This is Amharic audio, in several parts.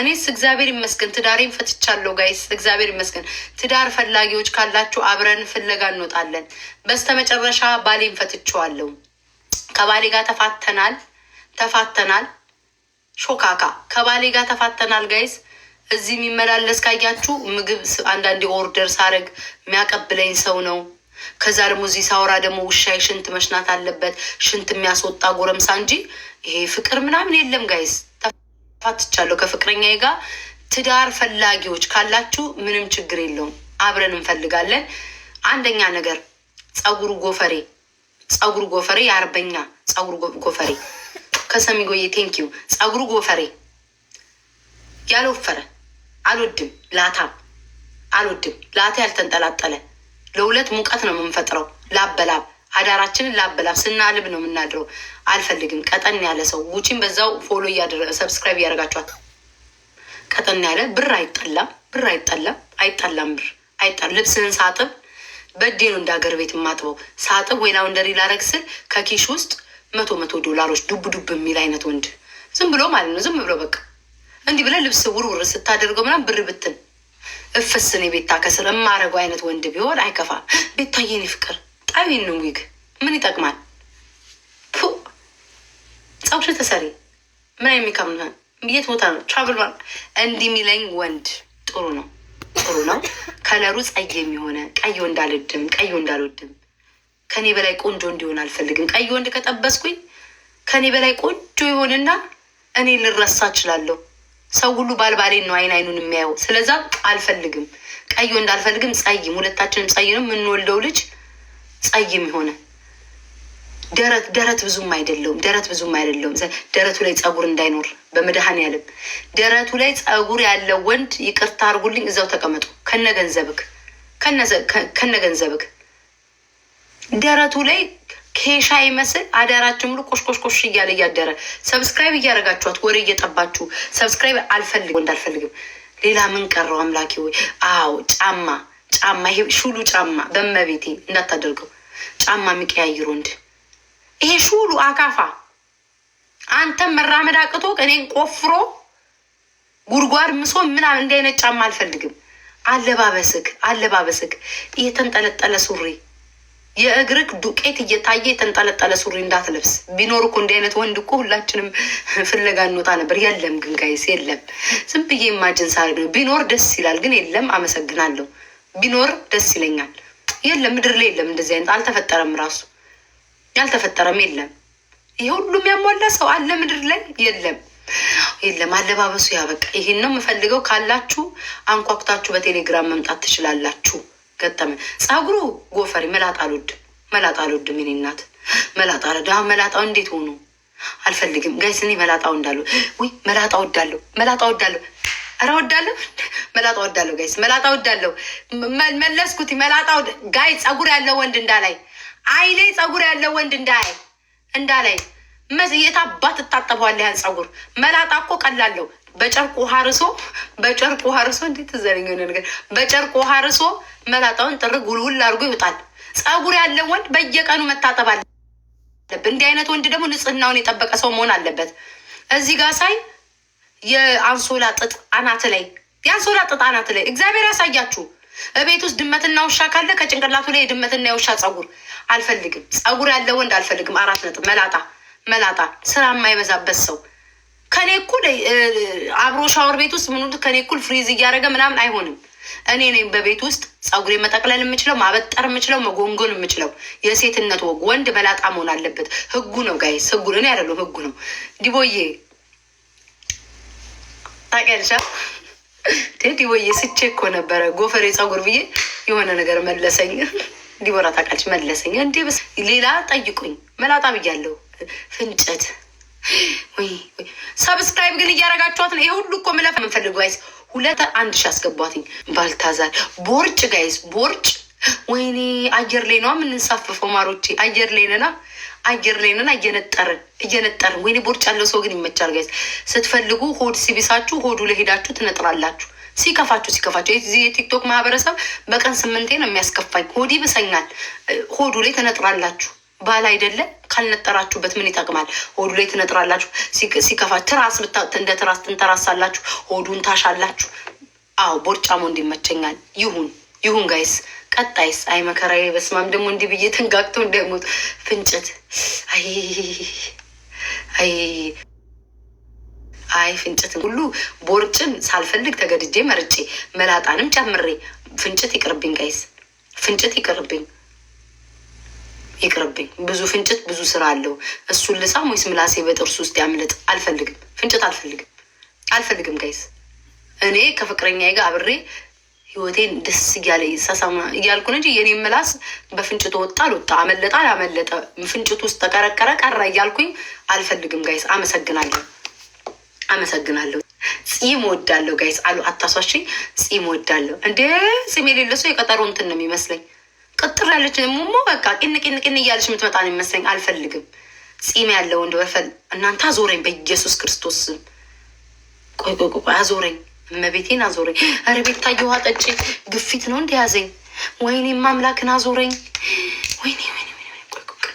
እኔስ እግዚአብሔር ይመስገን ትዳሬን ፈትቻለሁ። ጋይስ እግዚአብሔር ይመስገን። ትዳር ፈላጊዎች ካላችሁ አብረን ፍለጋ እንወጣለን። በስተመጨረሻ ባሌን ፈትቼዋለሁ። ከባሌ ጋር ተፋተናል ተፋተናል። ሾካካ ከባሌ ጋር ተፋተናል። ጋይስ እዚህ የሚመላለስ ካያችሁ ምግብ አንዳንዴ ኦርደር ሳረግ የሚያቀብለኝ ሰው ነው። ከዛ ደግሞ እዚህ ሳውራ ደግሞ ውሻይ ሽንት መሽናት አለበት። ሽንት የሚያስወጣ ጎረምሳ እንጂ ይሄ ፍቅር ምናምን የለም ጋይስ ፓትቻለሁ ከፍቅረኛ ጋር ትዳር ፈላጊዎች ካላችሁ ምንም ችግር የለውም፣ አብረን እንፈልጋለን። አንደኛ ነገር ጸጉሩ ጎፈሬ ጸጉሩ ጎፈሬ የአርበኛ ጸጉሩ ጎፈሬ ከሰሚ ጎዬ ቴንኪዩ። ጸጉሩ ጎፈሬ ያልወፈረ አልወድም፣ ላታም አልወድም፣ ላታ ያልተንጠላጠለ ለሁለት ሙቀት ነው የምንፈጥረው ላበላብ ሀዳራችንን ላበላብ ስናልብ ነው የምናድረው። አልፈልግም ቀጠን ያለ ሰው ውጪም በዛው ፎሎ ሰብስክራይብ እያደረጋችኋት ቀጠን ያለ ብር አይጠላም፣ ብር አይጠላም፣ አይጠላም፣ ብር አይጠላም። ልብስህን ሳጥብ በዴ ነው እንደ ሀገር ቤት የማጥበው ሳጥብ ወይ ላውንደሪ ላረግ ስል ከኪሽ ውስጥ መቶ መቶ ዶላሮች ዱብ ዱብ የሚል አይነት ወንድ ዝም ብሎ ማለት ነው። ዝም ብሎ በቃ እንዲህ ብለህ ልብስ ውርውር ስታደርገው ምናምን ብር ብትን እፍስን ቤታ ከስር የማረገው አይነት ወንድ ቢሆን አይከፋ። ቤታዬን ፍቅር ጣቢን ነው ዊግ ምን ይጠቅማል? ፀጉሽ ተሰሪ ምን የሚከብድ የት ቦታ ነው ትራቭል ማ እንዲህ የሚለኝ ወንድ ጥሩ ነው፣ ጥሩ ነው። ከለሩ ጸይ የሚሆነ ቀይ ወንድ አልወድም፣ ቀይ ወንድ አልወድም። ከኔ በላይ ቆንጆ እንዲሆን አልፈልግም። ቀይ ወንድ ከጠበስኩኝ ከኔ በላይ ቆንጆ ይሆንና እኔ ልረሳ እችላለሁ። ሰው ሁሉ ባልባሌን ነው አይን አይኑን የሚያየው። ስለዛ አልፈልግም፣ ቀይ ወንድ አልፈልግም። ጸይም፣ ሁለታችንም ጸይም። የምንወልደው ልጅ ጸይም የሆነ ደረት ደረት ብዙም አይደለውም። ደረት ብዙም አይደለውም። ደረቱ ላይ ጸጉር እንዳይኖር በመድኃኔዓለም ደረቱ ላይ ጸጉር ያለው ወንድ ይቅርታ አድርጉልኝ፣ እዛው ተቀመጡ ከነ ገንዘብክ ከነ ገንዘብክ ደረቱ ላይ ኬሻ ይመስል አዳራችን ሙሉ ቆሽቆሽቆሽ እያለ እያደረ ሰብስክራይብ እያደረጋችኋት ወሬ እየጠባችሁ ሰብስክራይብ አልፈልግ ወንድ አልፈልግም። ሌላ ምን ቀረው አምላኪ ወይ አዎ፣ ጫማ ጫማ፣ ይሄ ሹሉ ጫማ በመቤቴ እንዳታደርገው ጫማ የሚቀያይር ወንድ ይሄ ሹሉ አካፋ አንተም መራመድ አቅቶ እኔን ቆፍሮ ጉድጓድ ምሶ ምናምን እንዲህ አይነት ጫማ አልፈልግም። አለባበስክ አለባበስክ እየተንጠለጠለ ሱሪ የእግርክ ዱቄት እየታየ የተንጠለጠለ ሱሪ እንዳትለብስ። ቢኖር እኮ እንዲህ አይነት ወንድ እኮ ሁላችንም ፍለጋ እንወጣ ነበር። የለም ግን ጋይስ የለም። ዝም ብዬ ኢማጅን ነው። ቢኖር ደስ ይላል፣ ግን የለም። አመሰግናለሁ። ቢኖር ደስ ይለኛል። የለም ምድር ላይ የለም። እንደዚህ አይነት አልተፈጠረም ራሱ ያልተፈጠረም የለም። ይህ ሁሉም ያሟላ ሰው አለ ምድር ላይ የለም የለም። አለባበሱ ያበቃ። ይህን ነው የምፈልገው ካላችሁ አንኳኩታችሁ በቴሌግራም መምጣት ትችላላችሁ። ገጠመ ጸጉሩ ጎፈሪ መላጣ አልወድም፣ መላጣ አልወድም። የእኔ እናት መላጣ ረዳ መላጣው እንዴት ሆኑ አልፈልግም። ጋይስ እኔ መላጣው እንዳለሁ ወይ መላጣ ወዳለሁ፣ መላጣ ወዳለሁ፣ ኧረ ወዳለሁ፣ መላጣ ወዳለሁ። ጋይስ መላጣ ወዳለሁ። መለስኩት መላጣ ጋይ ጸጉር ያለው ወንድ እንዳላይ አይሌ ፀጉር ጸጉር ያለው ወንድ እንዳይ እንዳላይ የት አባት ትታጠበዋለህ? ያን ጸጉር መላጣ እኮ ቀላለው። በጨርቁ ሀርሶ በጨርቁ ሀርሶ እንዴት ዘረኝ ነው ነገር በጨርቁ ሀርሶ መላጣውን ጥር ጉልውል አድርጎ ይውጣል። ጸጉር ያለው ወንድ በየቀኑ መታጠብ አለበት። እንዲህ አይነት ወንድ ደግሞ ንጽህናውን የጠበቀ ሰው መሆን አለበት። እዚህ ጋር ሳይ የአንሶላ ጥጥ አናት ላይ የአንሶላ ጥጥ አናት ላይ እግዚአብሔር ያሳያችሁ። እቤት ውስጥ ድመትና ውሻ ካለ ከጭንቅላቱ ላይ የድመትና የውሻ ጸጉር አልፈልግም። ጸጉር ያለው ወንድ አልፈልግም። አራት ነጥብ። መላጣ መላጣ፣ ስራ የማይበዛበት ሰው ከኔ እኩል አብሮ ሻወር ቤት ውስጥ ምኑ ከኔ እኩል ፍሪዝ እያደረገ ምናምን አይሆንም። እኔ ነኝ በቤት ውስጥ ጸጉሬ መጠቅለል የምችለው ማበጠር የምችለው መጎንጎን የምችለው የሴትነት ወግ። ወንድ መላጣ መሆን አለበት። ህጉ ነው ጋይስ፣ ህጉ እኔ አይደለሁም፣ ህጉ ነው። ዲቦዬ ታውቂያለሽ ቴዲ ወይ ስቼ እኮ ነበረ ጎፈሬ ጸጉር ብዬ የሆነ ነገር መለሰኝ። ዲቦራ ታውቃለች። መለሰኝ እንዴ ብስ ሌላ ጠይቁኝ። መላጣ ብያለሁ። ፍንጨት ሰብስክራይብ ግን እያረጋችኋት ነው። ይሄ ሁሉ እኮ ምለፍ የምንፈልግ ጋይዝ ሁለት አንድ ሺ አስገቧትኝ። ባልታዛር ቦርጭ ጋይዝ ቦርጭ ወይኔ፣ አየር ላይ ነው የምንሳፈፈው። ማሮቼ አየር ላይ ነና አየር ላይ ነና እየነጠርን እየነጠርን። ወይኔ ቦርጭ ያለው ሰው ግን ይመቻል ጋይዝ። ስትፈልጉ ሆድ ሲቢሳችሁ ሆዱ ለሄዳችሁ ትነጥራላችሁ። ሲከፋችሁ ሲከፋችሁ የቲክቶክ ማህበረሰብ በቀን ስምንቴ ነው የሚያስከፋኝ። ሆድ ይብሰኛል። ሆዱ ላይ ተነጥራላችሁ። ባል አይደለ ካልነጠራችሁበት ምን ይጠቅማል? ሆዱ ላይ ትነጥራላችሁ። ሲከፋ ትራስ እንደ ትራስ ትንተራሳላችሁ። ሆዱን ታሻላችሁ። አዎ ቦርጫሞ እንዲመቸኛል። ይሁን ይሁን ጋይስ ቀጣይስ? አይ መከራ በስማም ደግሞ እንዲህ ብዬ ተንጋግቶ እንዳይሞት ፍንጭት አይ አይ አይ ፍንጭትን ሁሉ ቦርጭን ሳልፈልግ ተገድጄ መርጬ መላጣንም ጨምሬ ፍንጭት ይቅርብኝ፣ ጋይስ ፍንጭት ይቅርብኝ፣ ይቅርብኝ። ብዙ ፍንጭት ብዙ ስራ አለው። እሱን ልሳም ወይስ ምላሴ በጥርሱ ውስጥ ያምልጥ? አልፈልግም፣ ፍንጭት አልፈልግም፣ አልፈልግም ጋይስ። እኔ ከፍቅረኛ ጋር አብሬ ህይወቴን ደስ እያለ ሳሳማ እያልኩን እንጂ የኔ ምላስ በፍንጭቱ ወጣ አልወጣ አመለጠ አላመለጠ ፍንጭቱ ውስጥ ተቀረቀረ ቀረ እያልኩኝ አልፈልግም ጋይስ። አመሰግናለሁ። አመሰግናለሁ። ጺም ወዳለሁ ጋይስ አሉ አታሷሽኝ። ጺም ወዳለሁ እንዴ! ጺም የሌለ ሰው የቀጠሮ እንትን ነው የሚመስለኝ። ቅጥር ያለች ሞ በቃ ቅን ቅን ቅን እያለች የምትመጣ ነው የሚመስለኝ። አልፈልግም ጺም ያለው እንደ በፈል እናንተ አዞረኝ፣ በኢየሱስ ክርስቶስ ስም። ቆይ ቆይ ቆይ አዞረኝ፣ እመቤቴን አዞረኝ። ኧረ ቤታዬ ውሃ ጠጪ፣ ግፊት ነው እንዲ ወይኔ ማምላክን አዞረኝ። ወይኔ ወይኔ፣ ቆይ ቆይ፣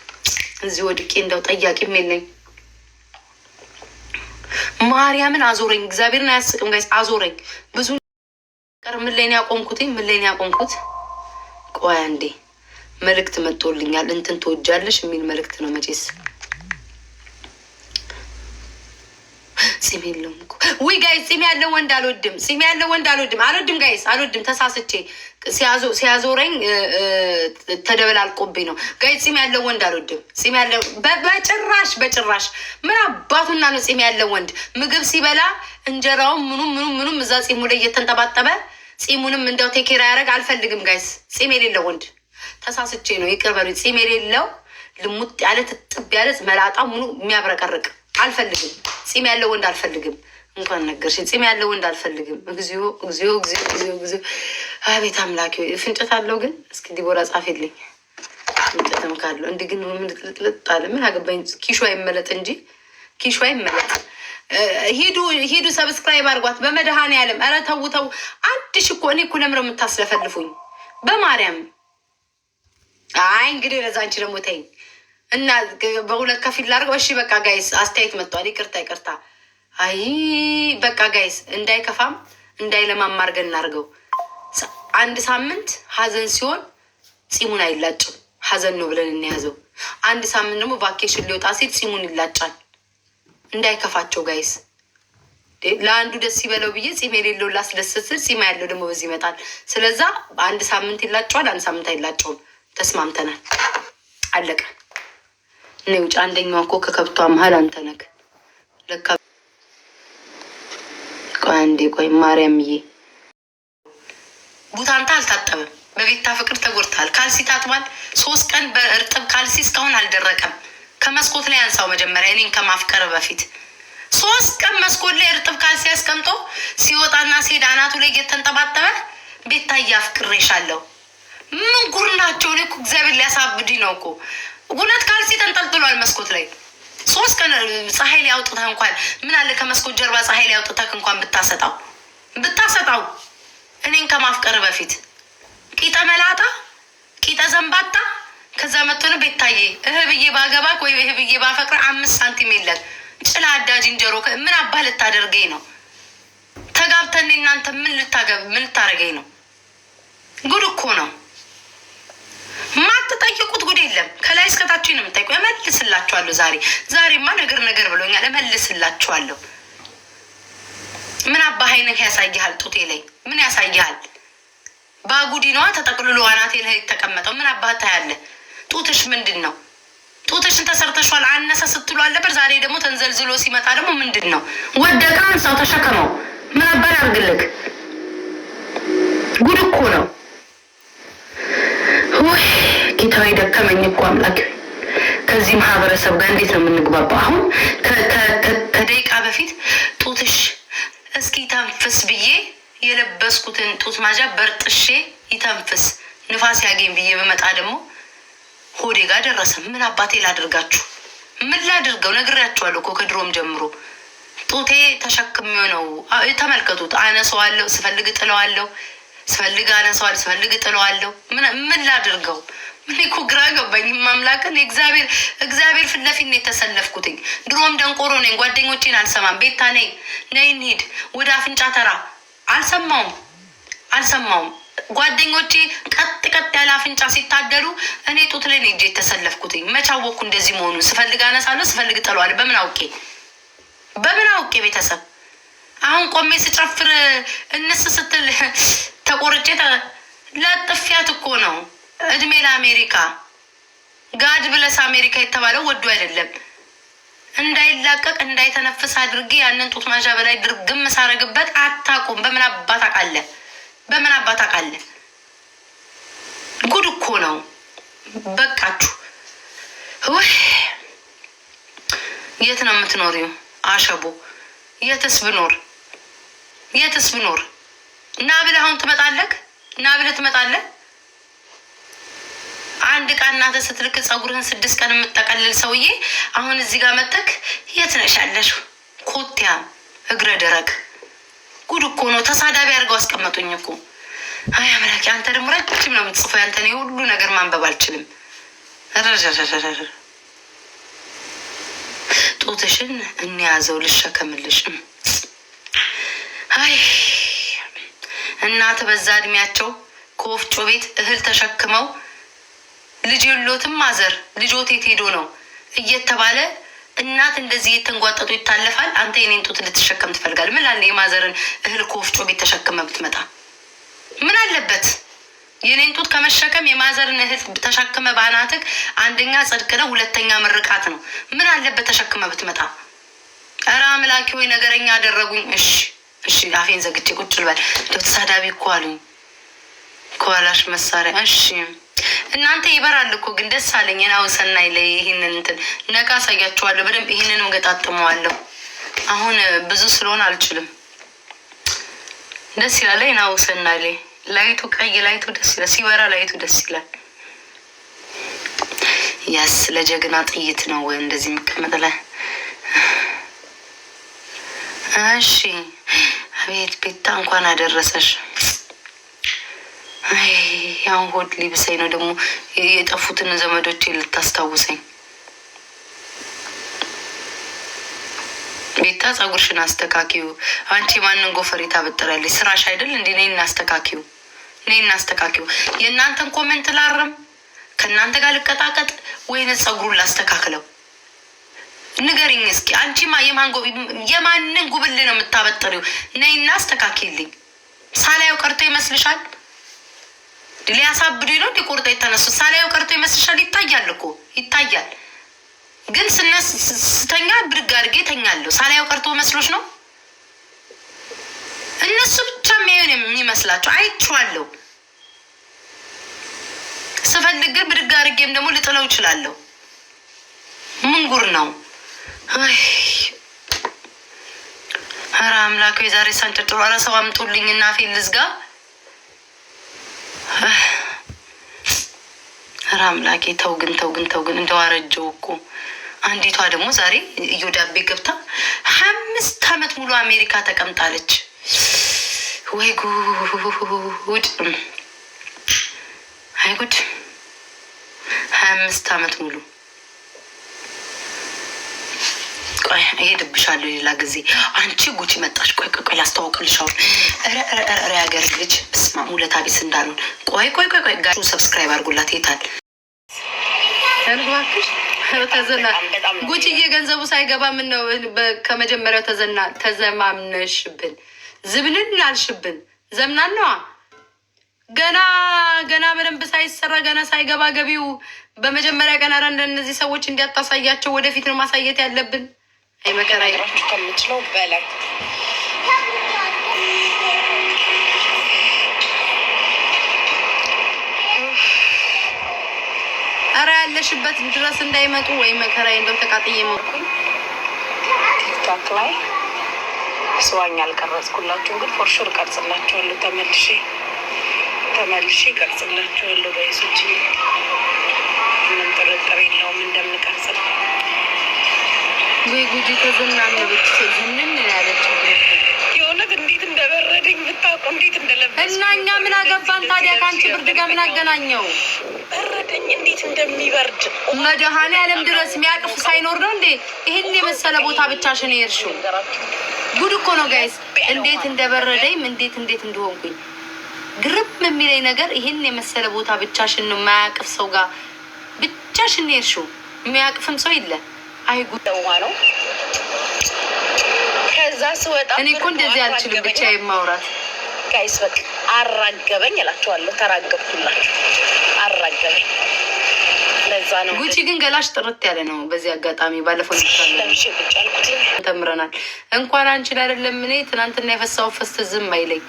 እዚህ ወድቄ እንደው ጠያቂም የለኝ ማርያምን አዞረኝ፣ እግዚአብሔርን አያስቅም ጋይስ አዞረኝ። ብዙ ቀር ምን ላይ ነው ያቆምኩትኝ? ምን ላይ ነው ያቆምኩት? ቆያ እንዴ መልእክት መጥቶልኛል። እንትን ትወጃለሽ የሚል መልእክት ነው መቼስ ጺም የለውም እኮ ውይ ጋይስ፣ ጺም ያለው ወንድ አልወድም። ጺም ያለው ወንድ አልወድም፣ አልወድም ጋይስ፣ አልወድም። ተሳስቼ ሲያዞረኝ ተደበላልቆብኝ ነው ጋይስ። ጺም ያለው ወንድ አልወድም። ጺም ያለው በጭራሽ በጭራሽ። ምን አባቱና ነው ጺም ያለው ወንድ ምግብ ሲበላ እንጀራውም ምኑም ምኑም ምኑም እዛ ጺሙ ላይ እየተንጠባጠበ ጺሙንም እንደው ቴኬራ ያደረግ አልፈልግም ጋይስ። ጺም የሌለው ወንድ ተሳስቼ ነው ይቅር በሉኝ። ጺም የሌለው ልሙጥ ያለ ትጥብ ያለ መላጣ ሙሉ የሚያብረቀርቅ አልፈልግም። ጺም ያለው ወንድ አልፈልግም። እንኳን ነገርሽ ጺም ያለው ወንድ አልፈልግም። እግዚኦ እግዚኦ እግዚኦ እግዚኦ እግዚኦ። አቤት አምላኪ ፍንጨት አለው ግን እስኪ ዲቦራ ጻፌልኝ። ፍንጨትም ካለው እንዲህ ግን ምን ልጥልጥ አለ። ምን አገባኝ? ኪሿ አይመለጥ እንጂ ኪሿ አይመለጥ። ሂዱ ሂዱ፣ ሰብስክራይብ አርጓት በመድኃኔዓለም። ኧረ ተው ተው። አንድ እኮ እኔ እኮ ለምረው የምታስለፈልፉኝ በማርያም። አይ እንግዲህ ለዛ አንቺ ደግሞ ተይኝ እና በሁለት ከፊል ላድርገው። እሺ በቃ ጋይስ አስተያየት መጥቷል። ይቅርታ ይቅርታ። አይ በቃ ጋይስ እንዳይከፋም እንዳይለማም አድርገን እናድርገው። አንድ ሳምንት ሀዘን ሲሆን ፂሙን አይላጭም፣ ሀዘን ነው ብለን እንያዘው። አንድ ሳምንት ደግሞ ቫኬሽን ሊወጣ ሲል ፂሙን ይላጫል። እንዳይከፋቸው ጋይስ። ለአንዱ ደስ ይበለው ብዬ ፂም የሌለው ላስደስት ስል ፂማ ያለው ደግሞ በዚህ ይመጣል። ስለዛ አንድ ሳምንት ይላጨዋል፣ አንድ ሳምንት አይላጨውም። ተስማምተናል። አለቀ። እኔ ውጭ አንደኛዋ እኮ ከከብቷ መሀል አንተ ነክ ለካ ቆይ አንዴ ቆይ ማርያምዬ፣ ቡታንታ አልታጠበም። በቤታ ፍቅር ተጎድተሃል። ካልሲ ታጥቧል። ሶስት ቀን በእርጥብ ካልሲ እስካሁን አልደረቀም። ከመስኮት ላይ አንሳው መጀመሪያ እኔን ከማፍቀር በፊት ሶስት ቀን መስኮት ላይ እርጥብ ካልሲ አስቀምጦ ሲወጣና ሲሄድ አናቱ ላይ እየተንጠባጠበ ቤታ እያፍቅሬሻለሁ። ምን ጉር ናቸው? እኔ እኮ እግዚአብሔር ሊያሳብድ ነው እኮ ሁለት ካልሲ ተንጠልጥሏል መስኮት ላይ ሶስት ቀን ፀሐይ ላይ አውጥተህ እንኳን ምን አለ ከመስኮት ጀርባ ፀሐይ ላይ አውጥተህ እንኳን ብታሰጣው ብታሰጣው እኔን ከማፍቀር በፊት ቂጠ መላጣ ቂጠ ዘንባታ ከዛ መጥቶን ቤታዬ እህ ብዬ ባገባክ ወይ እህ ብዬ ባፈቅር አምስት ሳንቲም የለን ጭላ አዳ ዝንጀሮ ምን አባ ልታደርገኝ ነው? ተጋብተን እናንተ ምን ልታገብ ምን ልታደርገኝ ነው? ጉድ እኮ ነው። ማትጠይቁት ጉድ የለም። ከላይ እስከታች ነው የምታይቁ። እመልስላችኋለሁ። ዛሬ ዛሬማ ነገር ነገር ብሎኛል። እመልስላችኋለሁ። ምን አባ ሀይነህ ያሳይሃል? ጡቴ ላይ ምን ያሳይሃል? ነዋ ተጠቅልሎ አናቴ ላይ የተቀመጠው ምን አባ ታያለ? ጡትሽ ምንድን ነው? ጡትሽን ተሰርተሿል። አነሰ ስትሉ አለበት። ዛሬ ደግሞ ተንዘልዝሎ ሲመጣ ደግሞ ምንድን ነው? ወደቀ፣ አንሳው፣ ተሸከመው። ምን አባ ያርግልክ? ጉድ እኮ ነው። ውይ ጌታዊ ደከመኝ እኮ አምላክ ከዚህ ማህበረሰብ ጋር እንዴት ነው የምንግባባ? አሁን ከደቂቃ በፊት ጡትሽ እስኪ ተንፍስ ብዬ የለበስኩትን ጡት ማጃ በርጥሼ ይተንፍስ ንፋስ ያገኝ ብዬ በመጣ ደግሞ ሆዴ ጋር ደረሰ። ምን አባቴ ላድርጋችሁ? ምን ላድርገው? ነግሬያችኋለሁ እኮ ከድሮም ጀምሮ ጡቴ ተሸክሜው ነው። ተመልከቱት። አነሰዋለሁ፣ ስፈልግ ጥለዋለሁ፣ ስፈልግ አነሰዋለሁ፣ ስፈልግ ጥለዋለሁ። ምን ላድርገው? እኔ እኮ ግራ ገባኝ። ማምላክን እግዚአብሔር እግዚአብሔር ፊት ለፊት ነው የተሰለፍኩትኝ። ድሮም ደንቆሮ ነኝ፣ ጓደኞቼን አልሰማም። ቤታ ነኝ ነይ እንሂድ ወደ አፍንጫ ተራ አልሰማውም አልሰማውም። ጓደኞቼ ቀጥ ቀጥ ያለ አፍንጫ ሲታደሉ እኔ ጡት ላይ ነው የተሰለፍኩትኝ። መች አወቅኩ እንደዚህ መሆኑ? ስፈልግ አነሳለሁ፣ ስፈልግ ጥለዋለሁ። በምን አውቄ በምን አውቄ ቤተሰብ አሁን ቆሜ ስጨፍር እንስ ስትል ተቆርጬ ለጥፊያት እኮ ነው። እድሜ ለአሜሪካ ጋድ ብለስ አሜሪካ የተባለው ወዱ አይደለም። እንዳይላቀቅ እንዳይተነፍስ አድርጌ ያንን ጡት ማንዣ በላይ ድርግም ሳረግበት አታቁም። በምን አባት አቃለ በምን አባት አቃለ ጉድ እኮ ነው። በቃችሁ ውህ የት ነው የምትኖሪው? አሸቦ የትስ ብኖር የትስ ብኖር እና ብለህ አሁን ትመጣለህ እና ብለህ ትመጣለህ። አንድ ዕቃ እናተ ስትልክ ፀጉርህን ስድስት ቀን የምጠቀልል ሰውዬ አሁን እዚህ ጋር መጠክ የት ነሽ ያለሽ? ኮቲያ እግረ ደረግ ጉድ እኮ ነው። ተሳዳቢ አድርገው አስቀመጡኝ እኮ። አይ አምላኪ፣ አንተ ደግሞ ረጅም ነው የምትጽፈው። ያንተን የሁሉ ነገር ማንበብ አልችልም። ጡትሽን እንያዘው ልሸከምልሽም። አይ እናት በዛ እድሜያቸው ከወፍጮ ቤት እህል ተሸክመው ልጅ የሎትም ማዘር ልጆት የት ሄዶ ነው እየተባለ እናት እንደዚህ የተንጓጠጡ ይታለፋል። አንተ የኔን ጡት ልትሸከም ትፈልጋል? ምን አለ የማዘርን እህል ከወፍጮ ቤት ተሸክመ ብትመጣ ምን አለበት? የኔን ጡት ከመሸከም የማዘርን እህል ተሸክመ በአናትህ አንደኛ ጽድቅ ነው፣ ሁለተኛ ምርቃት ነው። ምን አለበት ተሸክመ ብትመጣ? ኧረ አምላኬ ወይ ነገረኛ አደረጉኝ። እሺ እሺ አፌን ዘግቼ ቁጭ ልበል። እንደው ተሳዳቢ እኮ አሉኝ ከኋላሽ መሳሪያ። እሺ እናንተ ይበራል እኮ ግን ደስ አለኝ። ናው ሰናይ ላይ ይህንን እንትን ነቃ አሳያችኋለሁ በደንብ ይህንንም ገጣጥመዋለሁ። አሁን ብዙ ስለሆነ አልችልም። ደስ ይላል። ናው ሰናይ ላይ ላይቱ ቀይ ላይቱ ደስ ይላል። ሲበራ ላይቱ ደስ ይላል። ያስ ለጀግና ጥይት ነው እንደዚህ የሚቀመጥ ላይ እሺ አቤት ቤታ እንኳን አደረሰሽ። ያን ሆድ ሊብሰኝ ነው ደግሞ የጠፉትን ዘመዶች ልታስታውሰኝ። ቤታ ጸጉርሽን አስተካኪው። አንቺ ማንን ጎፈሬ ታበጥሪያለሽ? ስራሽ አይደል እንዴ? እኔ እናስተካኪው፣ እኔ እናስተካኪው። የእናንተን ኮሜንት ላርም፣ ከእናንተ ጋር ልቀጣቀጥ ወይን ጸጉሩን ላስተካክለው ንገሪኝ እስኪ አንቺ የማንን ጉብል ነው የምታበጥሪው? ነይና አስተካክልኝ። ሳላየው ቀርቶ ይመስልሻል? ሊያሳብዱ ነው እንዲቆርጦ የተነሱ ሳላየው ቀርቶ ይመስልሻል? ይታያል እኮ ይታያል። ግን ስነስ ስተኛ ብድግ አድርጌ ተኛለሁ። ሳላየው ቀርቶ መስሎች ነው እነሱ ብቻ የሚያዩን የሚመስላቸው አይቼዋለሁ። ስፈልግ ግን ብድግ አድርጌም ደግሞ ልጥለው እችላለሁ። ምንጉር ነው? ኧረ አምላክ የዛሬ ሳንጨር ጥሩ። ኧረ ሰው አምጡልኝ እና ፌን ልዝጋ። ኧረ አምላኬ ተው ግን ተው ግን ተው ግን እንደው አረጀው እኮ። አንዲቷ ደግሞ ዛሬ እዮዳቤ ገብታ አምስት አመት ሙሉ አሜሪካ ተቀምጣለች። ወይ ጉድ! አይ ጉድ! ሀያ አምስት አመት ሙሉ ቆይ እሄድብሻለሁ ሌላ ጊዜ። አንቺ ጉቺ መጣሽ። ቆይ ቆይ ቆይ ላስተዋውቅልሽ። አሁን ኧረ ያገር ልጅ ስማ፣ ሙለት አቤት እንዳሉን። ቆይ ቆይ ቆይ ቆይ ጋሹ ሰብስክራይብ አድርጉላት። ይታል ጉቺዬ፣ ገንዘቡ ሳይገባ ምን ነው ከመጀመሪያው ተዘና ተዘማምነሽብን ዝብልን ላልሽብን ዘምናን ነዋ። ገና ገና በደንብ ሳይሰራ ገና ሳይገባ ገቢው በመጀመሪያ ቀን። ኧረ እንደነዚህ ሰዎች እንዲያታሳያቸው ወደፊት ነው ማሳየት ያለብን። የመከራ ይራችሁ ከምችለው በላይ ያለሽበት ድረስ እንዳይመጡ ወይ መከራ እንደው ተቃጥዬ መኩኝ። ቲክቶክ ላይ ስዋኝ ግን ፎርሹር ቀርጽላችኋለሁ። ተመልሼ ተመልሼ ቀርጽላችኋለሁ። በይሶች ምንም ጥርጥር የለውም እንደምንቀርጽ ወይ ጉጂ ተዘናም ነብት ዝንን ያለችው የሆነት እንዴት እንደበረደኝ ብታውቁ እንዴት እንደለበስ እና እኛ ምን አገባን ታዲያ? ከአንቺ ብርድ ጋር ምን አገናኘው? በረደኝ እንዴት እንደሚበርድ መድኃኔዓለም ድረስ የሚያቅፍ ሳይኖር ነው እንዴ ይህን የመሰለ ቦታ ብቻሽን የሄድሽው? ጉድ እኮ ነው ጋይስ። እንዴት እንደበረደኝ እንዴት እንዴት እንደሆንኩኝ ግርም የሚለኝ ነገር ይህን የመሰለ ቦታ ብቻሽን ነው የማያቅፍ ሰው ጋር ብቻሽን የሄድሽው። የሚያቅፍም ሰው የለ አይጉድ ነው። ከዛ ስወጣ እኔ እኮ እንደዚህ አልችልም ብቻ የማውራት ጋይስ በቃ አራገበኝ እላቸዋለሁ። ተራገብኩላቸው፣ አራገበኝ። ለዛ ነው ጉቺ ግን ገላሽ ጥርት ያለ ነው። በዚህ አጋጣሚ ባለፈው ተምረናል። እንኳን አንቺን አይደለም እኔ ትናንትና የፈሳው ፈስት ዝም አይለኝ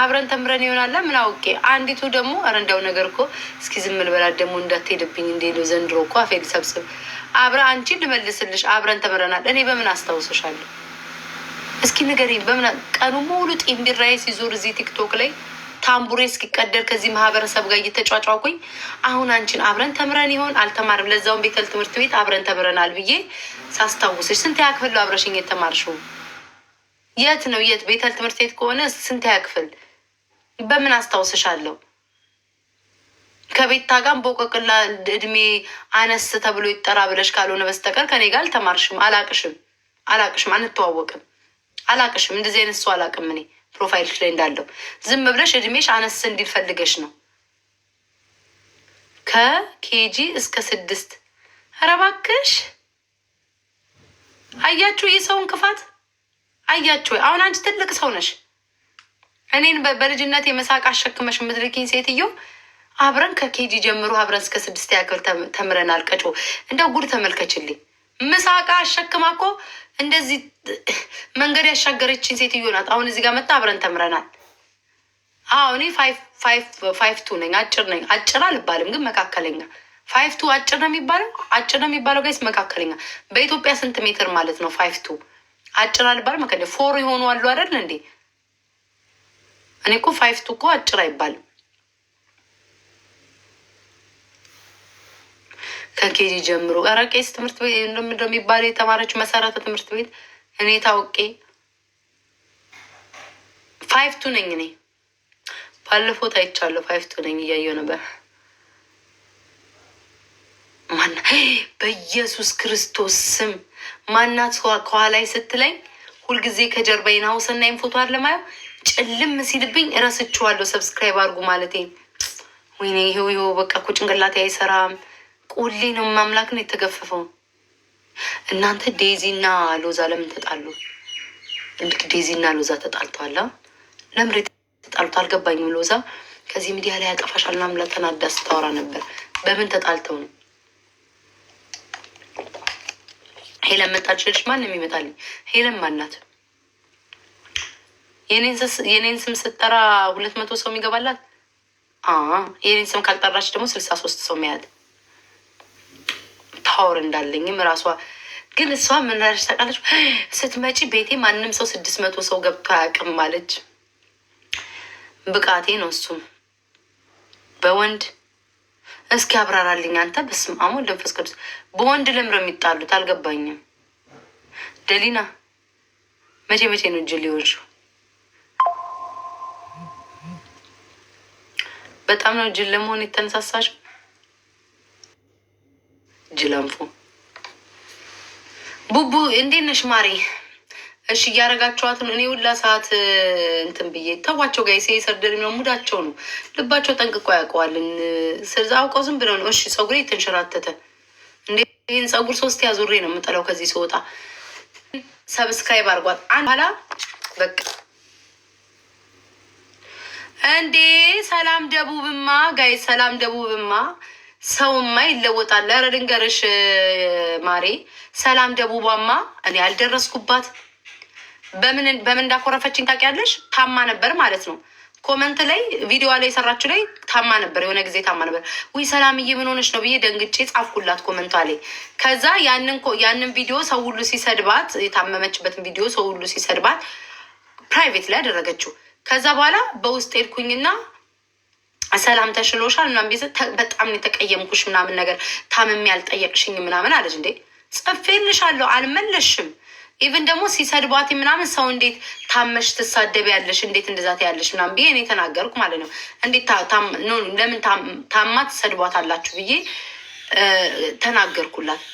አብረን ተምረን ይሆናለ። ምን አውቄ። አንዲቱ ደግሞ አረንዳው ነገር እኮ እስኪ ዝም ልበላት ደግሞ እንዳትሄድብኝ። እንደሄደው ዘንድሮ እኮ አፌ ሰብስብ አብረ አንቺን ልመልስልሽ አብረን ተምረናል። እኔ በምን አስታውስሻለሁ? እስኪ ንገሪ። በምን ቀኑ ሙሉ ጢምቢራዬ ሲዞር እዚህ ቲክቶክ ላይ ታምቡሬ እስኪቀደር ከዚህ ማህበረሰብ ጋር እየተጫጫኩኝ አሁን አንቺን አብረን ተምረን ይሆን አልተማርም፣ ለዛውን ቤተል ትምህርት ቤት አብረን ተምረናል ብዬ ሳስታውስሽ ስንት ያክፍል ነው አብረሽኝ የተማርሽው? የት ነው የት? ቤተል ትምህርት ቤት ከሆነ ስንት ያክፍል? በምን አስታውስሻለሁ? ከቤታ ጋር በቆቅላ እድሜ አነስ ተብሎ ይጠራ ብለሽ ካልሆነ በስተቀር ከኔ ጋር አልተማርሽም። አላቅሽም፣ አላቅሽም፣ አንተዋወቅም፣ አላቅሽም። እንደዚህ አይነት ሰው አላቅም እኔ ፕሮፋይልሽ ላይ እንዳለው ዝም ብለሽ እድሜሽ አነስ እንዲል ነው። ከኬጂ እስከ ስድስት ኧረ እባክሽ አያችሁ፣ የሰውን ክፋት አያችሁ። አሁን አንቺ ትልቅ ሰው ነሽ። እኔን በልጅነት የመሳቅ አሸክመሽ የምትልኪኝ ሴትዮ አብረን ከኬጂ ጀምሮ አብረን እስከ ስድስተኛ ያክል ተምረናል። ቀጮ እንደ ጉድ ተመልከችልኝ። ምሳቃ አሸክማ እኮ እንደዚህ መንገድ ያሻገረችን ሴትዮ ናት። አሁን እዚህ ጋር መጣ አብረን ተምረናል። አዎ እኔ ፋይፍ ቱ ነኝ፣ አጭር ነኝ። አጭር አልባልም ግን መካከለኛ። ፋይፍ ቱ አጭር ነው የሚባለው አጭር ነው የሚባለው ጋይስ፣ መካከለኛ በኢትዮጵያ ስንት ሜትር ማለት ነው? ፋይፍ ቱ አጭር አልባልም። ፎር የሆኑ አሉ አይደል እንዴ? እኔ እኮ ፋይፍ ቱ እኮ አጭር አይባልም። ከኬጂ ጀምሮ ኧረ ቄስ ትምህርት ቤት እንደሚባለው የተማረች መሰረተ ትምህርት ቤት እኔ ታውቄ ፋይቭ ቱ ነኝ እኔ ባለፈው ታይቻለሁ። ፋይቭ ቱ ነኝ እያየሁ ነበር። ማና በኢየሱስ ክርስቶስ ስም ማናት ከኋላይ ስትለኝ ሁልጊዜ ከጀርባዬን ሀውሰናይን ፎቶ አለማየው ጭልም ሲልብኝ እረስችዋለሁ። ሰብስክራይብ አድርጉ ማለት ወይኔ ይሄው ይሄው በቃ እኮ ጭንቅላቴ አይሰራም። ቁሌ ነው ማምላክ ነው የተገፈፈው። እናንተ ዴዚና ሎዛ ለምን ተጣሉ? እንግዲህ ዴዚና ሎዛ ተጣልተዋላ። ለምሬ ተጣልቶ አልገባኝም። ሎዛ ከዚህ ሚዲያ ላይ ያጠፋሻል ምናምን ብላ ስታወራ ነበር። በምን ተጣልተው ነው? ሄለን መጣች ልጅ ማንም ይመጣልኝ። ሄለን ማናት? የኔን ስም ስትጠራ ሁለት መቶ ሰው የሚገባላት የኔን ስም ካልጠራች ደግሞ ስልሳ ሶስት ሰው መያዝ ፓወር እንዳለኝም ራሷ ግን እሷ ምናሽ ታውቃለች። ስትመጪ ቤቴ ማንም ሰው ስድስት መቶ ሰው ገብቶ አያውቅም አለች። ብቃቴ ነው እሱም በወንድ እስኪ አብራራልኝ አንተ። በስመ አብ ወወልድ ወመንፈስ ቅዱስ። በወንድ ለምረ የሚጣሉት አልገባኝም። ደሊና መቼ መቼ ነው እጅ ሊሆንሹ? በጣም ነው እጅን ለመሆን የተነሳሳሽው። ጅላንፎ ቡቡ እንዴት ነሽ ማሬ? እሺ እያረጋችኋት ነው። እኔ ሁላ ሰዓት እንትን ብዬ ተዋቸው ጋይ ሴ ሰርደር የሚሆን ሙዳቸው ነው። ልባቸው ጠንቅቆ ያውቀዋልን። ስለዚ አውቀው ዝም ብለው ነው። እሺ ፀጉሬ የተንሸራተተ እንዴ! ይህን ፀጉር ሶስት ያዙሬ ነው የምጠለው ከዚህ ሲወጣ። ሰብስክራይብ አድርጓት። አንድ ኋላ በቃ እንዴ! ሰላም ደቡብማ ጋይ፣ ሰላም ደቡብማ ሰውማ ይለወጣል። ኧረ ልንገርሽ ማሬ፣ ሰላም ደቡባማ እኔ ያልደረስኩባት በምን እንዳኮረፈችኝ ታውቂያለሽ? ታማ ነበር ማለት ነው። ኮመንት ላይ ቪዲዮ ላይ የሰራችው ላይ ታማ ነበር፣ የሆነ ጊዜ ታማ ነበር። ውይ ሰላምዬ ምን ሆነች ነው ብዬ ደንግጬ ጻፍኩላት ኮመንቷ ላይ። ከዛ ያንን ቪዲዮ ሰው ሁሉ ሲሰድባት፣ የታመመችበትን ቪዲዮ ሰው ሁሉ ሲሰድባት ፕራይቬት ላይ አደረገችው። ከዛ በኋላ በውስጥ ሄድኩኝና ሰላም ተሽሎሻል ምናምን ቤዘ በጣም ነው የተቀየምኩሽ ምናምን ነገር ታምሜ ያልጠየቅሽኝ ምናምን አለች። እንዴ ጽፌልሻለሁ አልመለሽም። ኢቭን ደግሞ ሲሰድቧት ምናምን ሰው እንዴት ታመሽ ትሳደብ ያለሽ እንዴት እንደዛ ትያለሽ? ምናምን ብዬ እኔ ተናገርኩ ማለት ነው። እንዴት ለምን ታማ ትሰድቧት አላችሁ ብዬ ተናገርኩላት።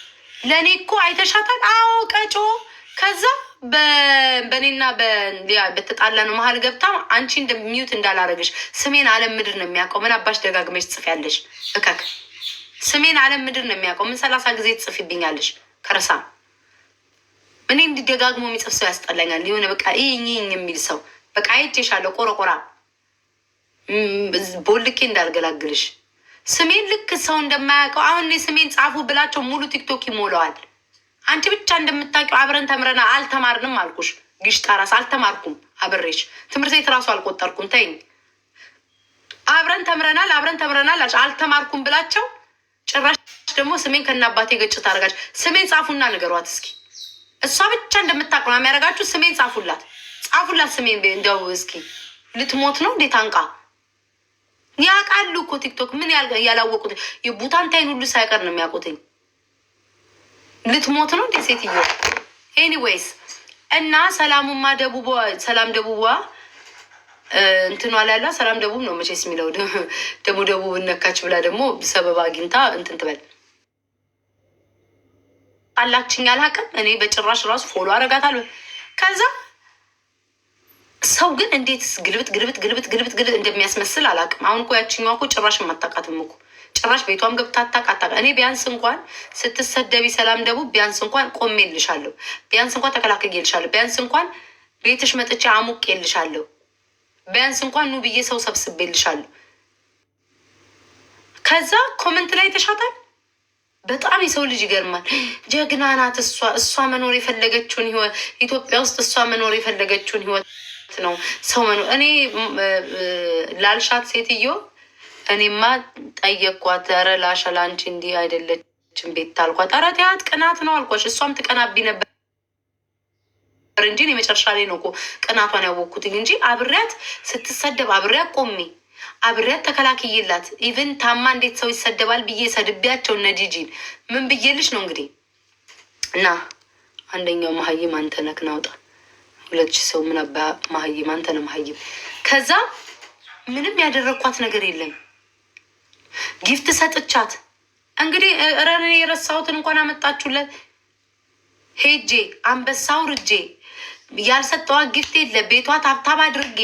ለእኔ እኮ አይተሻታል። አዎ ቀጮ ከዛ በእኔና ነው መሀል ገብታ አንቺ ሚዩት እንዳላረግሽ ስሜን አለም ምድር ነው የሚያውቀው። ምን አባሽ ደጋግመሽ ትጽፊያለሽ? እከክ ስሜን አለም ምድር ነው የሚያውቀው። ምን ሰላሳ ጊዜ ትጽፊብኛለሽ? ከረሳ እኔ እንዲደጋግሞ የሚጽፍ ሰው ያስጠላኛል። የሆነ በቃ ይኝ የሚል ሰው በቃ አይቼሻለሁ፣ ቆረቆራ ቦልኬ እንዳልገላግልሽ ስሜን ልክ ሰው እንደማያውቀው አሁን ስሜን ጻፉ ብላቸው ሙሉ ቲክቶክ ይሞላዋል። አንቺ ብቻ እንደምታውቂው አብረን ተምረና አልተማርንም አልኩሽ። ግሽጣ ራስ አልተማርኩም አብሬሽ ትምህርት ቤት ራሱ አልቆጠርኩም። ተይኝ። አብረን ተምረናል አብረን ተምረናል አልተማርኩም ብላቸው። ጭራሽ ደግሞ ስሜን ከናባቴ ገጭት አደረጋች። ስሜን ጻፉና ንገሯት እስኪ። እሷ ብቻ እንደምታውቀው ነው የሚያደርጋችሁ። ስሜን ጻፉላት፣ ጻፉላት ስሜን እንደው እስኪ። ልትሞት ነው እንዴት አንቃ ያውቃሉ እኮ ቲክቶክ ምን ያላወቁት የቡታንታይን ሁሉ ሳይቀር ነው የሚያውቁትኝ። ልትሞት ነው እንዴ ሴትዮ። ኤኒዌይስ እና ሰላሙማ ደቡቧ ሰላም ደቡቧ እንትን አላላ ሰላም ደቡብ ነው መቼስ የሚለው ደግሞ ደቡብ እነካች ብላ ደግሞ ሰበብ አግኝታ እንትን ትበል አላችኝ አላቅም። እኔ በጭራሽ ራሱ ፎሎ አረጋታለሁ። ከዛ ሰው ግን እንዴት ግልብት ግልብት ግልብት ግልብት ግልብት እንደሚያስመስል አላቅም። አሁን እኮ ያችኛዋ እኮ ጭራሽ የማታውቃትም እኮ ጭራሽ ቤቷም ገብታ አታቃጣ። እኔ ቢያንስ እንኳን ስትሰደቢ ሰላም ደቡብ ቢያንስ እንኳን ቆሜልሻለሁ፣ ቢያንስ እንኳን ተከላክዬልሻለሁ፣ ቢያንስ እንኳን ቤትሽ መጥቼ አሙቄልሻለሁ፣ ቢያንስ እንኳን ኑ ብዬ ሰው ሰብስቤልሻለሁ። ከዛ ኮመንት ላይ ተሻታል። በጣም የሰው ልጅ ይገርማል። ጀግና ናት እሷ እሷ መኖር የፈለገችውን ህይወት ኢትዮጵያ ውስጥ እሷ መኖር የፈለገችውን ህይወት ነው ሰው መኖር እኔ ላልሻት ሴትዮ እኔማ ጠየቅኳት። ኧረ ላሸ ላንቺ እንዲህ አይደለችም ቤት አልኳት። ኧረ ተያት ቅናት ነው አልኳች። እሷም ትቀናቢ ነበር እንጂ የመጨረሻ ላይ ነው እኮ ቅናቷን ያወቅኩትኝ እንጂ አብሬያት ስትሰደብ አብሬያት ቆሜ አብሬያት ተከላክይላት ኢቨን ታማ እንዴት ሰው ይሰደባል ብዬ ሰድቤያቸው እነ ጂጂን ምን ብዬልሽ ነው እንግዲህ እና አንደኛው መሀይም አንተ ነህ ናውጣ ሁለት ሺህ ሰው ምን አባ መሀይም አንተ ነህ መሀይም ከዛ ምንም ያደረግኳት ነገር የለም ጊፍት ሰጥቻት እንግዲህ ረን የረሳሁትን እንኳን አመጣችሁለት። ሄጄ አንበሳው ርጄ ያልሰጠዋ ጊፍት የለ ቤቷ ታብታብ አድርጌ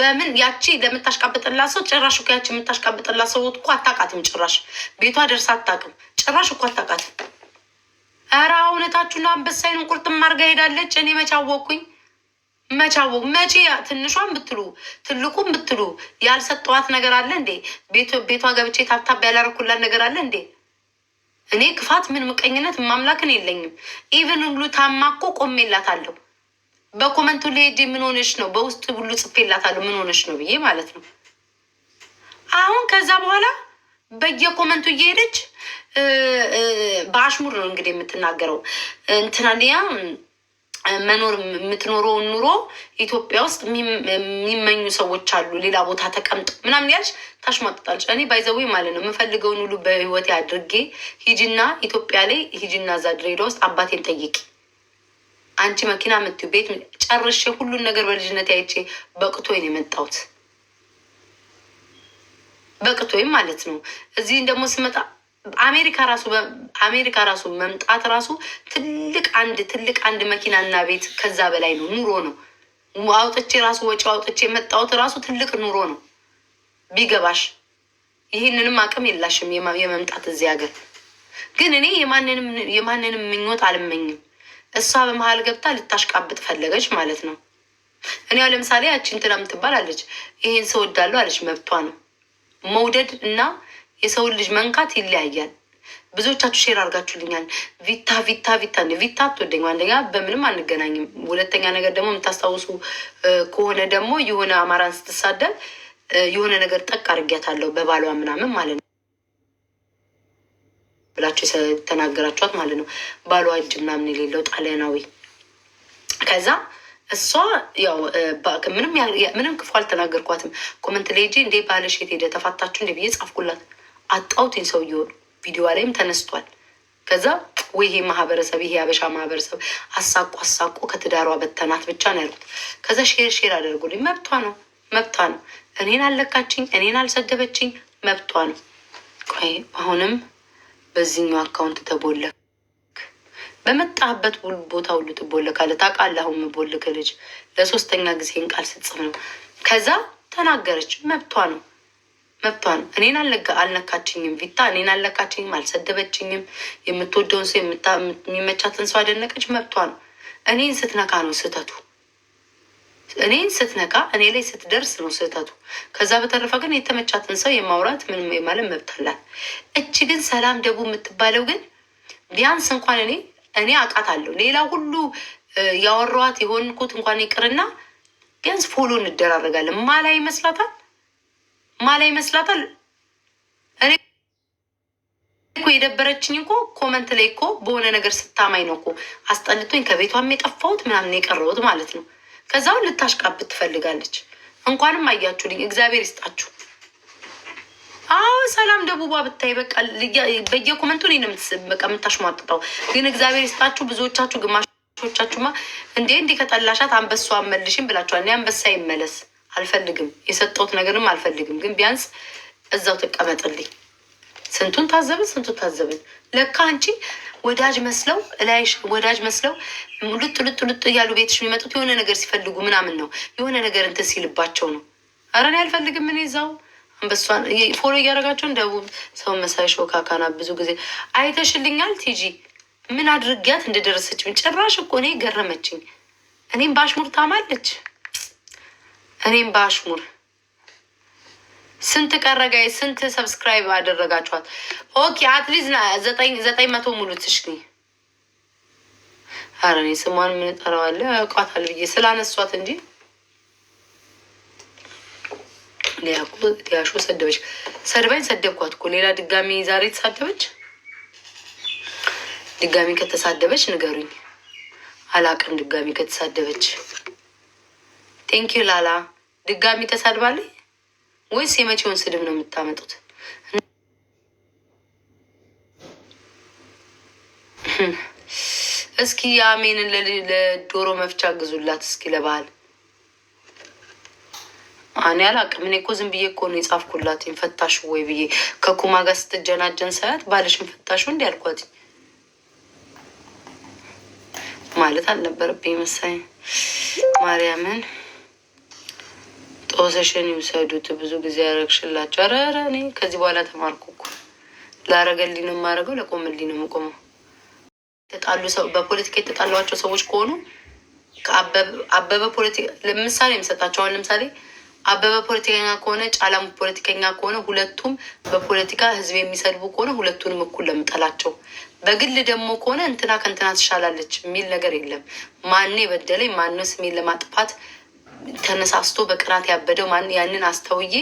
በምን ያቺ ለምታሽቃብጥላት ሰው ጭራሽ እኮ ያቺ የምታሽቃብጥላት ሰው እኮ አታውቃትም። ጭራሽ ቤቷ ደርሳ አታውቅም። ጭራሽ እኮ አታውቃትም። ኧረ እውነታችሁን አንበሳይን ቁርጥም አድርጋ ሄዳለች። እኔ መቻወኩኝ መቻው መቼ ትንሿን ብትሉ ትልቁን ብትሉ ያልሰጠዋት ነገር አለ እንዴ? ቤቷ ገብቼ ታብታብ ያላረኩላት ነገር አለ እንዴ? እኔ ክፋት፣ ምን ምቀኝነት፣ ማምላክን የለኝም። ኢቨን ሁሉ ታማ እኮ ቆሜላታለሁ። በኮመንቱ ሄጄ ምን ሆነሽ ነው በውስጥ ሁሉ ጽፌላታለሁ ምን ሆነሽ ነው ብዬ ማለት ነው። አሁን ከዛ በኋላ በየኮመንቱ እየሄደች በአሽሙር ነው እንግዲህ የምትናገረው እንትናንያ መኖር የምትኖረውን ኑሮ ኢትዮጵያ ውስጥ የሚመኙ ሰዎች አሉ። ሌላ ቦታ ተቀምጦ ምናምን ያልሽ ታሽሟጥጣለች። እኔ ባይዘዌ ማለት ነው የምፈልገውን ሁሉ በህይወቴ አድርጌ ሂጂና ኢትዮጵያ ላይ ሂጂና እዛ ድሬዳዋ ውስጥ አባቴን ጠይቂ። አንቺ መኪና የምትዩ ቤት ጨርሼ ሁሉን ነገር በልጅነት አይቼ በቅቶኝ ነው የመጣሁት። በቅቶይም ማለት ነው እዚህ ደግሞ ስመጣ አሜሪካ ራሱ አሜሪካ ራሱ መምጣት ራሱ ትልቅ አንድ ትልቅ አንድ መኪናና ቤት ከዛ በላይ ነው። ኑሮ ነው። አውጥቼ ራሱ ወጪ አውጥቼ የመጣውት ራሱ ትልቅ ኑሮ ነው። ቢገባሽ ይህንንም አቅም የላሽም የመምጣት እዚህ ሀገር። ግን እኔ የማንንም ምኞት አልመኝም። እሷ በመሀል ገብታ ልታሽቃብጥ ፈለገች ማለት ነው። እኔ ለምሳሌ ያቺ እንትና የምትባል አለች፣ ይህን ሰው ወዳለሁ አለች። መብቷ ነው መውደድ እና የሰውን ልጅ መንካት ይለያያል። ብዙዎቻችሁ ሼር አድርጋችሁልኛል። ቪታ ቪታ ቪታ ቪታ አትወደኝም። አንደኛ በምንም አንገናኝም። ሁለተኛ ነገር ደግሞ የምታስታውሱ ከሆነ ደግሞ የሆነ አማራን ስትሳደብ የሆነ ነገር ጠቅ አድርጊያታለሁ በባሏ ምናምን ማለት ነው ብላችሁ የተናገራችኋት ማለት ነው። ባሏ እጅ ምናምን የሌለው ጣሊያናዊ ከዛ እሷ ያው ምንም ክፉ አልተናገርኳትም። ኮመንት ላይ ሄጄ እንዴ ባለሽ የት ሄደ ተፋታችሁ እንዴ ብዬ ጻፍኩላት። አጣውቴን ሰውየው ቪዲዮ ላይም ተነስቷል። ከዛ ወይ ይሄ ማህበረሰብ ይሄ የአበሻ ማህበረሰብ አሳቆ አሳቆ ከትዳሯ በተናት ብቻ ነው ያሉት። ከዛ ሼር ሼር አደርጉልኝ። መብቷ ነው መብቷ ነው። እኔን አለካችኝ፣ እኔን አልሰደበችኝ፣ መብቷ ነው። ቆይ አሁንም በዚህኛው አካውንት ተቦለክ፣ በመጣህበት ቦታ ሁሉ ትቦለካለህ። ታውቃለህ፣ አሁን ምቦልክ ልጅ ለሶስተኛ ጊዜን ቃል ስትጽፍ ነው። ከዛ ተናገረች፣ መብቷ ነው። መብቷ ነው። አለጋ አልነካችኝም። ቪታ እኔን አልነካችኝም፣ አልሰደበችኝም። የምትወደውን ሰው የሚመቻትን ሰው አደነቀች፣ መብቷ ነው። እኔን ስትነካ ነው ስህተቱ። እኔን ስትነካ እኔ ላይ ስትደርስ ነው ስህተቱ። ከዛ በተረፈ ግን የተመቻትን ሰው የማውራት ምን ማለት መብት አላት። እች ግን ሰላም ደቡ የምትባለው ግን ቢያንስ እንኳን እኔ እኔ አውቃታለሁ። ሌላ ሁሉ ያወራኋት የሆንኩት እንኳን ይቅርና ቢያንስ ፎሎ እንደራረጋለን። ማላ ይመስላታል ማላ ይመስላታል። እኔ እኮ የደበረችኝ እኮ ኮመንት ላይ እኮ በሆነ ነገር ስታማኝ ነው እኮ አስጠልቶኝ ከቤቷም የጠፋሁት ምናምን የቀረሁት ማለት ነው። ከዛውን ልታሽቃብት ትፈልጋለች። እንኳንም አያችሁልኝ፣ እግዚአብሔር ይስጣችሁ። አዎ ሰላም ደቡባ ብታይ በቃ በየኮመንቱ እኔ ነው በቃ የምታሽሟጥጠው። ግን እግዚአብሔር ይስጣችሁ ብዙዎቻችሁ ግማሾቻችሁማ እንዴ እንዴ ከጠላሻት አንበሷ አመልሽም ብላችኋል። እኔ አንበሳ ይመለስ አልፈልግም፣ የሰጠሁት ነገርም አልፈልግም፣ ግን ቢያንስ እዛው ትቀመጥልኝ። ስንቱን ታዘብን፣ ስንቱን ታዘብን። ለካ አንቺ ወዳጅ መስለው እላይሽ ወዳጅ መስለው ልጥ ልጥ ልጥ እያሉ ቤትሽ የሚመጡት የሆነ ነገር ሲፈልጉ ምናምን ነው፣ የሆነ ነገር እንትን ሲልባቸው ነው። ኧረ እኔ አልፈልግም። እኔ እዛው አንበሷን ፎሎ እያደረጋቸው እንደቡብ ሰው መሳይ ሾካካና ብዙ ጊዜ አይተሽልኛል። ቲጂ ምን አድርጊያት እንደደረሰች ጭራሽ እኮ እኔ ገረመችኝ። እኔም ባሽሙር ታማለች። እኔም በአሽሙር ስንት ቀረጋ ስንት ሰብስክራይብ አደረጋችኋት? ኦኬ አትሊስት ዘጠኝ መቶ ሙሉ ትሽኝ። አረ እኔ ስሟን ምን እጠራዋለሁ ያውቋታል ብዬ ስላነሷት እንጂ ሊያሾ ሰደበች። ሰድባኝ ሰደብኳት እኮ ሌላ ድጋሚ ዛሬ ተሳደበች። ድጋሚ ከተሳደበች ንገሩኝ። አላቅም ድጋሚ ከተሳደበች ቴንኪዩ ላላ። ድጋሚ ተሳድባለ ወይስ የመቼውን ስድብ ነው የምታመጡት? እስኪ አሜንን ለዶሮ መፍቻ ግዙላት። እስኪ ለባህል እኔ አላቅም። እኔ እኮ ዝም ብዬ እኮ ነው የጻፍኩላት ፈታሹ ወይ ብዬ ከኩማ ጋር ስትጀናጀን ሳያት ባለሽን ፈታሹ እንዲ ያልኳት ማለት አልነበረብኝ መሳይ ማርያምን ጦስሽን ይውሰዱት። ብዙ ጊዜ ያረግሽላቸው። ኧረ ኧረ እኔ ከዚህ በኋላ ተማርኩ እኮ ላረገልኝ ነው የማደርገው፣ ለቆምልኝ ነው የምቆመው። የተጣሉ ሰው በፖለቲካ የተጣሏቸው ሰዎች ከሆኑ አበበ ፖለቲካ ለምሳሌ የምሰጣቸው ለምሳሌ አበበ ፖለቲከኛ ከሆነ ጫላም ፖለቲከኛ ከሆነ ሁለቱም በፖለቲካ ህዝብ የሚሰድቡ ከሆነ ሁለቱንም እኩል ለምጠላቸው። በግል ደግሞ ከሆነ እንትና ከእንትና ትሻላለች የሚል ነገር የለም። ማን የበደለኝ ማነው ስሜን ለማጥፋት ተነሳስቶ በቅናት ያበደው ማን ያንን አስተውዬ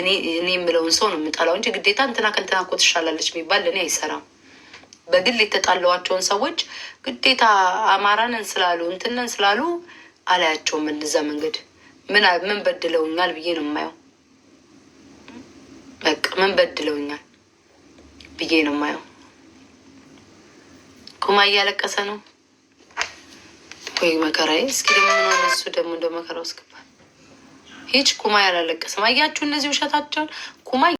እኔ የምለውን ሰው ነው የምጠላው እንጂ ግዴታ እንትና ከንትና እኮ ትሻላለች የሚባል ለእኔ አይሰራም። በግል የተጣለዋቸውን ሰዎች ግዴታ አማራንን ስላሉ እንትንን ስላሉ አላያቸውም። እንደዛ መንገድ ምን በድለውኛል ብዬ ነው የማየው። በቃ ምን በድለውኛል ብዬ ነው የማየው። ኩማ እያለቀሰ ነው። ወይ መከራዬ! እስኪ ደግሞ ምን እሱ ደግሞ እንደ መከራው እስክባል ሄች ኩማ ያላለቀስም። አያችሁ እነዚህ ውሸታቸውን ኩማ